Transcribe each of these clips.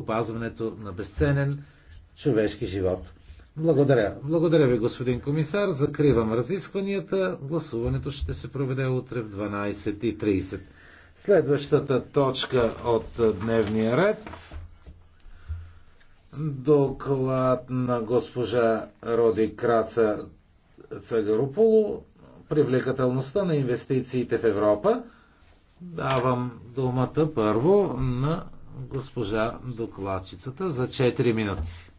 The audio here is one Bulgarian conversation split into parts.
опазването на безценен човешки живот. Благодаря. Благодаря ви, господин комисар. Закривам разискванията. Гласуването ще се проведе утре в 12.30. Следващата точка от дневния ред. Доклад на госпожа Роди Краца Цагарополо. Привлекателността на инвестициите в Европа. Давам думата първо на госпожа докладчицата за 4 минути.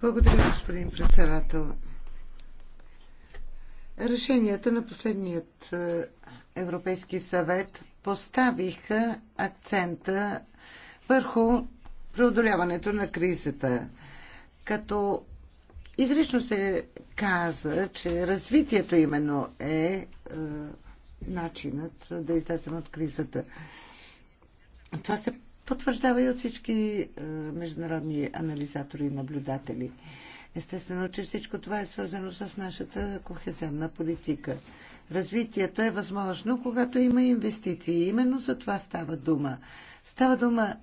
Благодаря, господин председател. Решенията на последният е, Европейски съвет поставиха акцента върху преодоляването на кризата, като изрично се каза, че развитието именно е, е начинът да излезем от кризата. Това се потвърждава и от всички е, международни анализатори и наблюдатели. Естествено, че всичко това е свързано с нашата кохезионна политика. Развитието е възможно, когато има инвестиции. Именно за това става дума. Става дума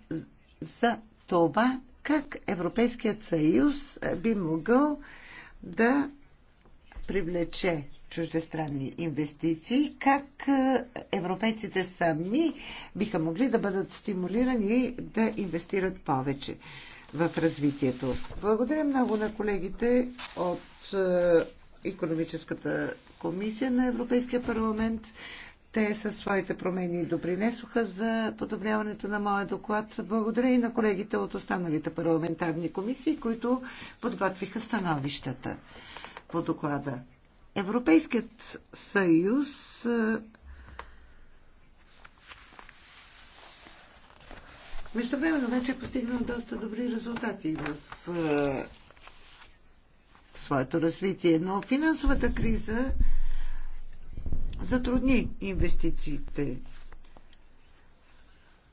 за това, как Европейският съюз би могъл да привлече чуждестранни инвестиции, как е, европейците сами биха могли да бъдат стимулирани да инвестират повече в развитието. Благодаря много на колегите от економическата комисия на Европейския парламент. Те със своите промени допринесоха за подобряването на моя доклад. Благодаря и на колегите от останалите парламентарни комисии, които подготвиха становищата по доклада. Европейският съюз е, междувременно вече е постигнал доста добри резултати в е, своето развитие, но финансовата криза затрудни инвестициите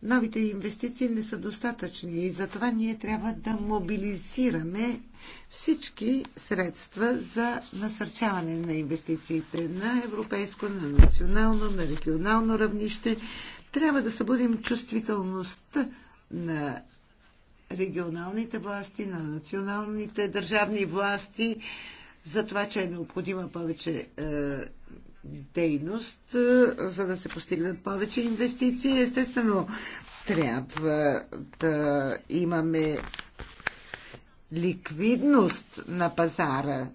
новите инвестиции не са достатъчни и затова ние трябва да мобилизираме всички средства за насърчаване на инвестициите на европейско, на национално, на регионално равнище. Трябва да събудим чувствителността на регионалните власти, на националните държавни власти за това, че е необходима повече е, дейност, за да се постигнат повече инвестиции. Естествено, трябва да имаме ликвидност на пазара.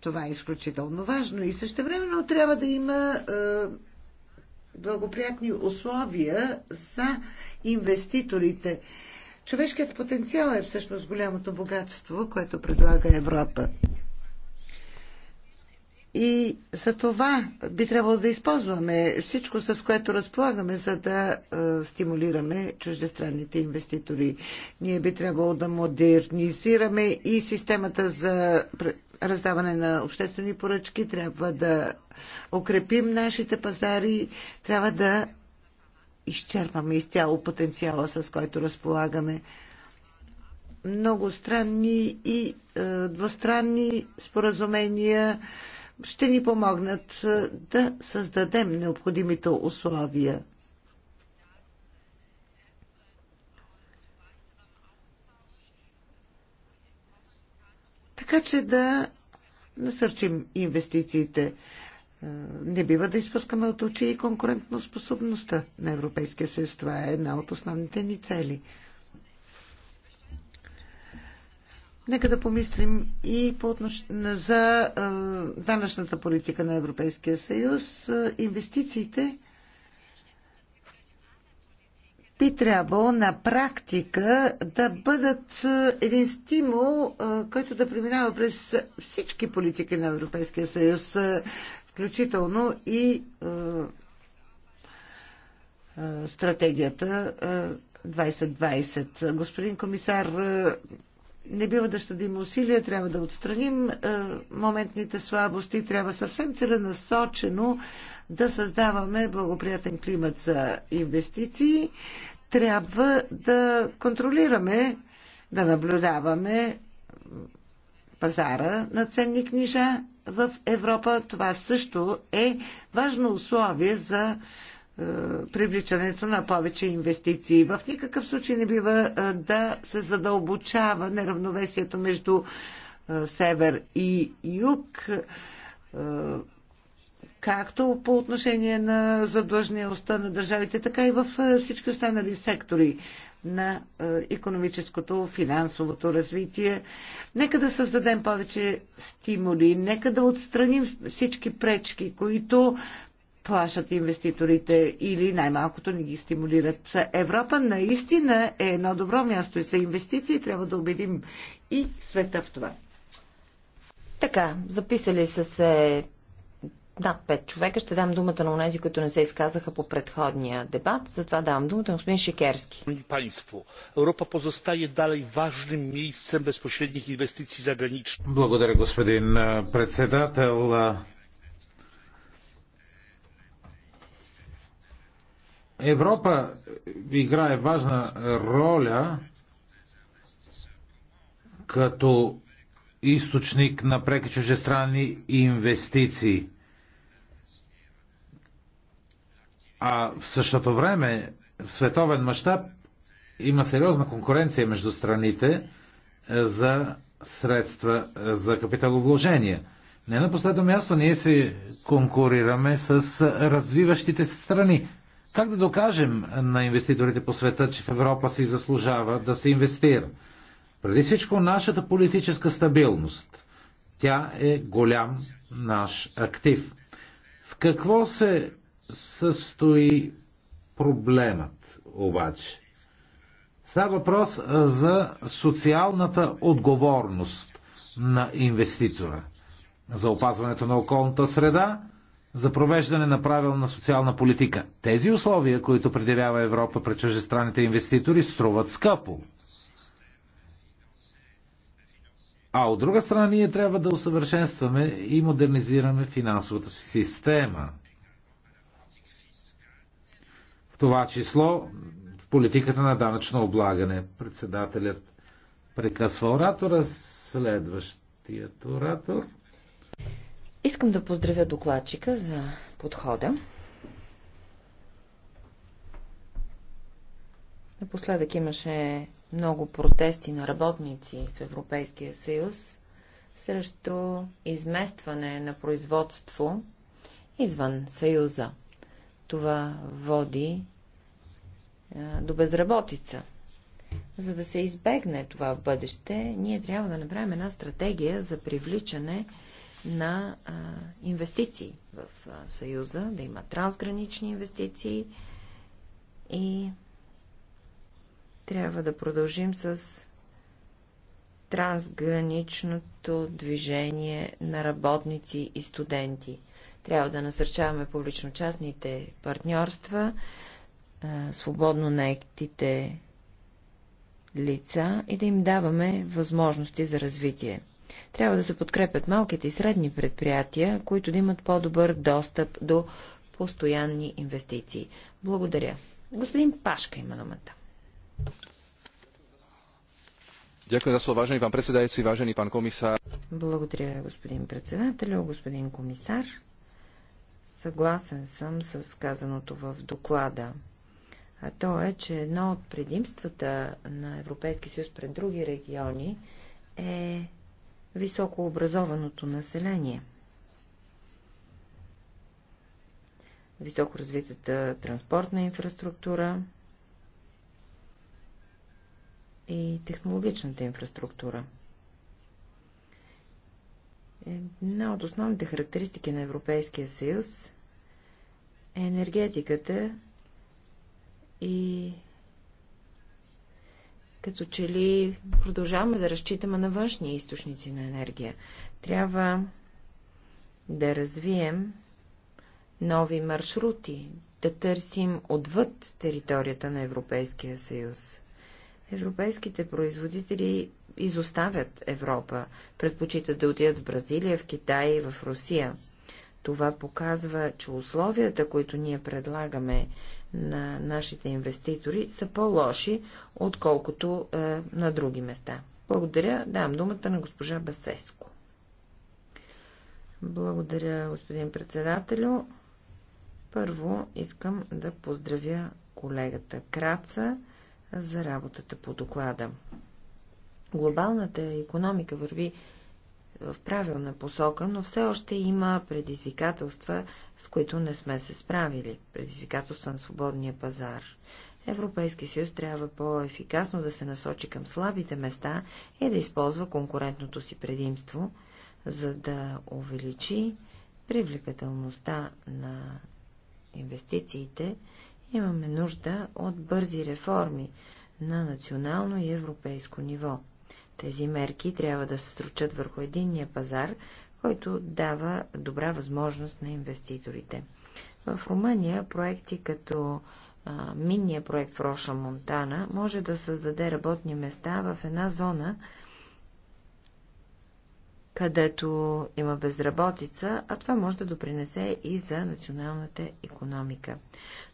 Това е изключително важно и също времено трябва да има благоприятни условия за инвеститорите. Човешкият потенциал е всъщност голямото богатство, което предлага Европа. И за това би трябвало да използваме всичко, с което разполагаме, за да е, стимулираме чуждестранните инвеститори. Ние би трябвало да модернизираме и системата за раздаване на обществени поръчки, трябва да укрепим нашите пазари, трябва да изчерпаме изцяло потенциала, с който разполагаме многостранни и е, двустранни споразумения ще ни помогнат да създадем необходимите условия. Така че да насърчим инвестициите. Не бива да изпускаме от очи и конкурентно способността на Европейския съюз. Това е една от основните ни цели – Нека да помислим и по отнош... за а, данъчната политика на Европейския съюз. А, инвестициите би трябвало на практика да бъдат един стимул, който да преминава през всички политики на Европейския съюз, включително и стратегията 2020. Господин комисар, не бива да щадим усилия, трябва да отстраним е, моментните слабости, трябва съвсем целенасочено да създаваме благоприятен климат за инвестиции, трябва да контролираме, да наблюдаваме пазара на ценни книжа в Европа. Това също е важно условие за е, привличането на повече инвестиции. В никакъв случай не бива е, да се задълбочава неравновесието между е, север и юг, както по отношение на задлъжнеността на държавите, така и в всички останали сектори на економическото, финансовото развитие. Нека да създадем повече стимули, нека да отстраним всички пречки, които плашат инвеститорите или най-малкото не ги стимулират. Европа наистина е едно добро място и за инвестиции трябва да убедим и света в това. Така, записали са се над да, пет човека. Ще дам думата на онези, които не се изказаха по предходния дебат. Затова давам думата на господин Шикерски. Панство, Европа позостае далej важным miejscem безпосредних инвестиций заграничних. Благодаря, господин председател. Европа играе важна роля като източник на преки чужестранни инвестиции. А в същото време, в световен мащаб, има сериозна конкуренция между страните е, за средства е, за капиталовложения. Не на последно място ние се конкурираме с е, развиващите се страни. Как да докажем на инвеститорите по света, че в Европа си заслужава да се инвестира? Преди всичко нашата политическа стабилност. Тя е голям наш актив. В какво се състои проблемът обаче? Става въпрос за социалната отговорност на инвеститора, за опазването на околната среда, за провеждане на правилна социална политика. Тези условия, които предявява Европа пред чужестранните инвеститори, струват скъпо. А от друга страна ние трябва да усъвършенстваме и модернизираме финансовата си система. В това число в политиката на данъчно облагане. Председателят прекъсва оратора, следващият оратор. Искам да поздравя докладчика за подхода. Напоследък имаше много протести на работници в Европейския съюз срещу изместване на производство извън съюза. Това води до безработица. За да се избегне това в бъдеще, ние трябва да направим една стратегия за привличане на а, инвестиции в а, Съюза, да има трансгранични инвестиции и трябва да продължим с трансграничното движение на работници и студенти. Трябва да насърчаваме публично-частните партньорства, а, свободно наектите лица и да им даваме възможности за развитие. Трябва да се подкрепят малките и средни предприятия, които да имат по-добър достъп до постоянни инвестиции. Благодаря. Господин Пашка има думата. Ďakujem za slovo, vážený pán predsedajúci, vážený pán komisár. Благодаря, господин председател, господин комисар. Съгласен съм с казаното в доклада. А то е, че едно от предимствата на Европейски съюз пред други региони е високообразованото население. Високоразвитата транспортна инфраструктура и технологичната инфраструктура. Една от основните характеристики на Европейския съюз е енергетиката и като че ли продължаваме да разчитаме на външни източници на енергия. Трябва да развием нови маршрути, да търсим отвъд територията на Европейския съюз. Европейските производители изоставят Европа, предпочитат да отидат в Бразилия, в Китай и в Русия. Това показва, че условията, които ние предлагаме на нашите инвеститори, са по-лоши, отколкото е, на други места. Благодаря. Дам думата на госпожа Басеско. Благодаря, господин председателю. Първо искам да поздравя колегата Краца за работата по доклада. Глобалната економика върви в правилна посока, но все още има предизвикателства, с които не сме се справили. Предизвикателства на свободния пазар. Европейски съюз трябва по-ефикасно да се насочи към слабите места и да използва конкурентното си предимство, за да увеличи привлекателността на инвестициите. Имаме нужда от бързи реформи на национално и европейско ниво. Тези мерки трябва да се стручат върху единния пазар, който дава добра възможност на инвеститорите. В Румъния проекти като а, минния проект в Роша Монтана може да създаде работни места в една зона, където има безработица, а това може да допринесе и за националната економика.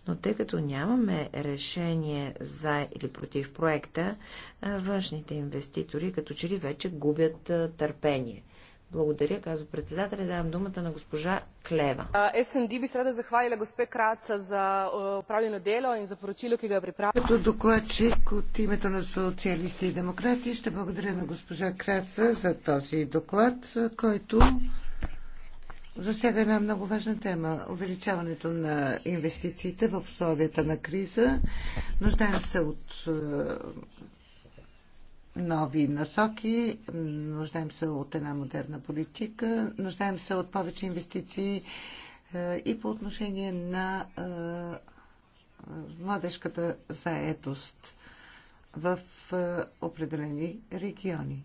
Но тъй като нямаме решение за или против проекта, външните инвеститори като че ли вече губят търпение – благодаря, казва председател, Давам думата на госпожа Клева. СНД би да захвалила госпе Краца за правилно дело и за поручило, ки го е приправя. Като докладчик от името на социалисти и демократи ще благодаря на госпожа Краца за този доклад, който засяга една много важна тема – увеличаването на инвестициите в условията на криза. Нуждаем се от нови насоки, нуждаем се от една модерна политика, нуждаем се от повече инвестиции е, и по отношение на е, младежката заетост в е, определени региони.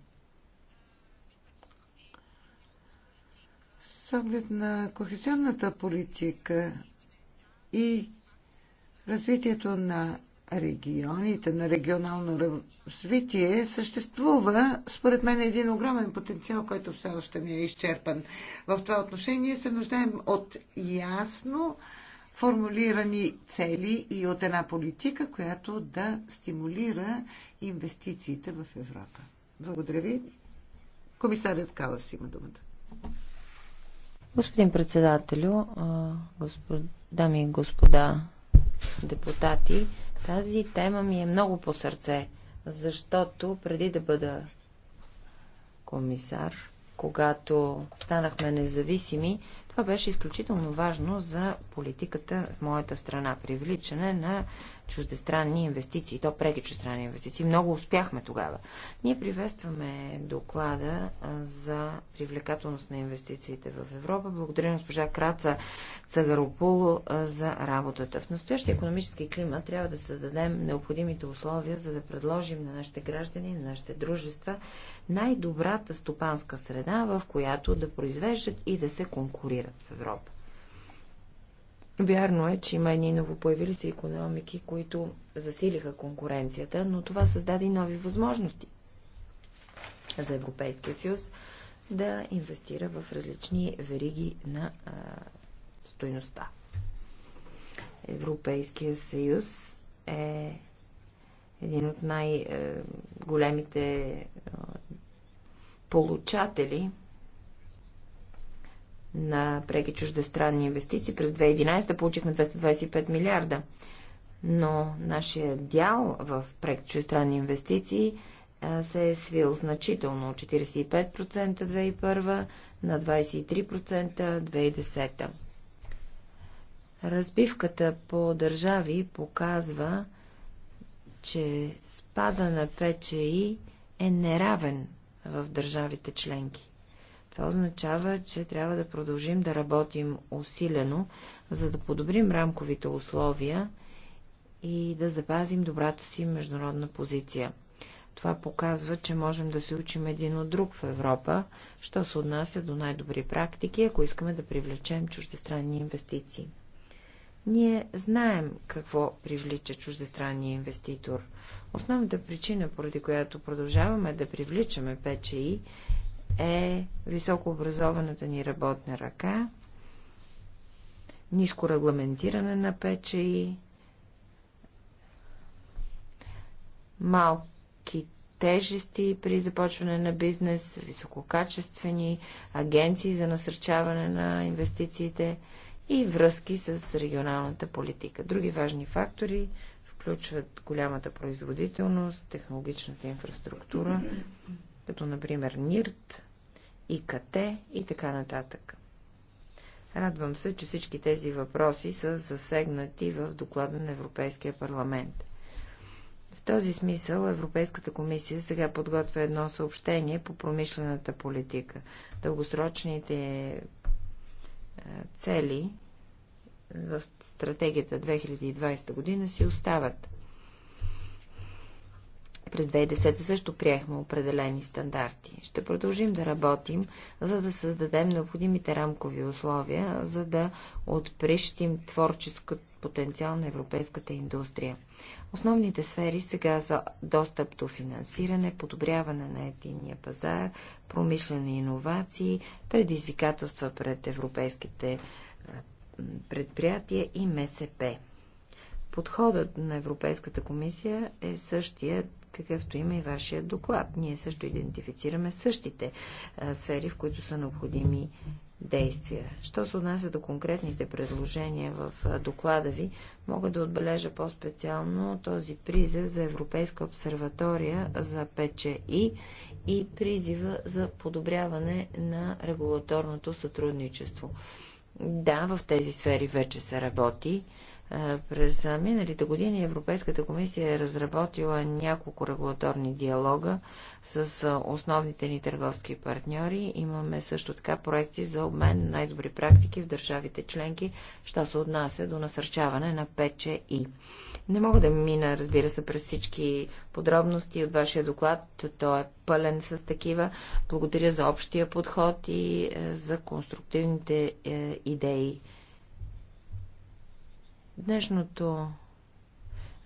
С оглед на кохезионната политика и развитието на регионите, на регионално развитие, съществува, според мен, един огромен потенциал, който все още не е изчерпан. В това отношение се нуждаем от ясно формулирани цели и от една политика, която да стимулира инвестициите в Европа. Благодаря ви. Комисарят Калас има думата. Господин председателю, господ... дами и господа депутати, тази тема ми е много по сърце, защото преди да бъда комисар, когато станахме независими, това беше изключително важно за политиката в моята страна. Привличане на чуждестранни инвестиции, то преки чуждестранни инвестиции. Много успяхме тогава. Ние приветстваме доклада за привлекателност на инвестициите в Европа. Благодаря на госпожа Краца Цагаропуло за работата. В настоящия економически климат трябва да създадем необходимите условия, за да предложим на нашите граждани, на нашите дружества най-добрата стопанска среда, в която да произвеждат и да се конкурират намират в Европа. Вярно е, че има едни новопоявили се економики, които засилиха конкуренцията, но това създаде и нови възможности за Европейския съюз да инвестира в различни вериги на а, стойността. Европейския съюз е един от най-големите е, получатели на преки чуждестранни инвестиции. През 2011 получихме 225 милиарда, но нашия дял в преки чуждестранни инвестиции се е свил значително 45% 2001 на 23% 2010. Разбивката по държави показва, че спада на ПЧИ е неравен в държавите членки. Това означава, че трябва да продължим да работим усилено, за да подобрим рамковите условия и да запазим добрата си международна позиция. Това показва, че можем да се учим един от друг в Европа, що се отнася до най-добри практики, ако искаме да привлечем чуждестранни инвестиции. Ние знаем какво привлича чуждестранния инвеститор. Основната причина, поради която продължаваме да привличаме ПЧИ, е високообразованата ни работна ръка, ниско регламентиране на печеи, малки тежести при започване на бизнес, висококачествени агенции за насърчаване на инвестициите и връзки с регионалната политика. Други важни фактори включват голямата производителност, технологичната инфраструктура, като например НИРТ, и кате и така нататък. Радвам се, че всички тези въпроси са засегнати в доклада на Европейския парламент. В този смисъл Европейската комисия сега подготвя едно съобщение по промишлената политика. Дългосрочните е, цели в стратегията 2020 година си остават. През 2010 също приехме определени стандарти. Ще продължим да работим, за да създадем необходимите рамкови условия, за да отприщим творческото потенциал на европейската индустрия. Основните сфери сега са достъп до финансиране, подобряване на единния пазар, промишлени иновации, предизвикателства пред европейските предприятия и МСП. Подходът на Европейската комисия е същия какъвто има и вашия доклад. Ние също идентифицираме същите а, сфери, в които са необходими действия. Що се отнася до конкретните предложения в доклада ви, мога да отбележа по-специално този призив за Европейска обсерватория за ПЧИ и призива за подобряване на регулаторното сътрудничество. Да, в тези сфери вече се работи. Е, през миналите години Европейската комисия е разработила няколко регулаторни диалога с основните ни търговски партньори. Имаме също така проекти за обмен на най-добри практики в държавите членки, що се отнася до насърчаване на ПЧИ. Не мога да мина, разбира се, през всички подробности от вашия доклад. Той е пълен с такива. Благодаря за общия подход и е, за конструктивните е, идеи Днешното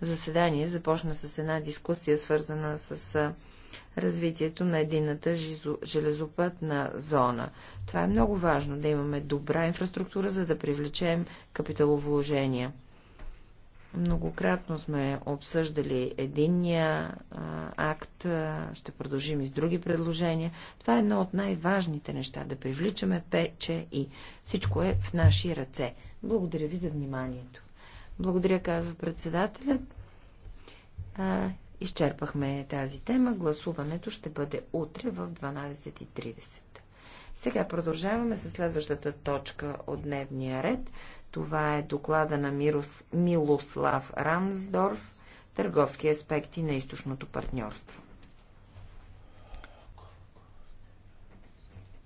заседание започна с една дискусия, свързана с развитието на едината железопътна зона. Това е много важно, да имаме добра инфраструктура, за да привлечем капиталовложения. Многократно сме обсъждали единния акт, ще продължим и с други предложения. Това е едно от най-важните неща, да привличаме пече и всичко е в наши ръце. Благодаря ви за вниманието. Благодаря, казва председателят. А, изчерпахме тази тема. Гласуването ще бъде утре в 12.30. Сега продължаваме с следващата точка от дневния ред. Това е доклада на Мирос, Милослав Рамсдорф търговски аспекти на източното партньорство.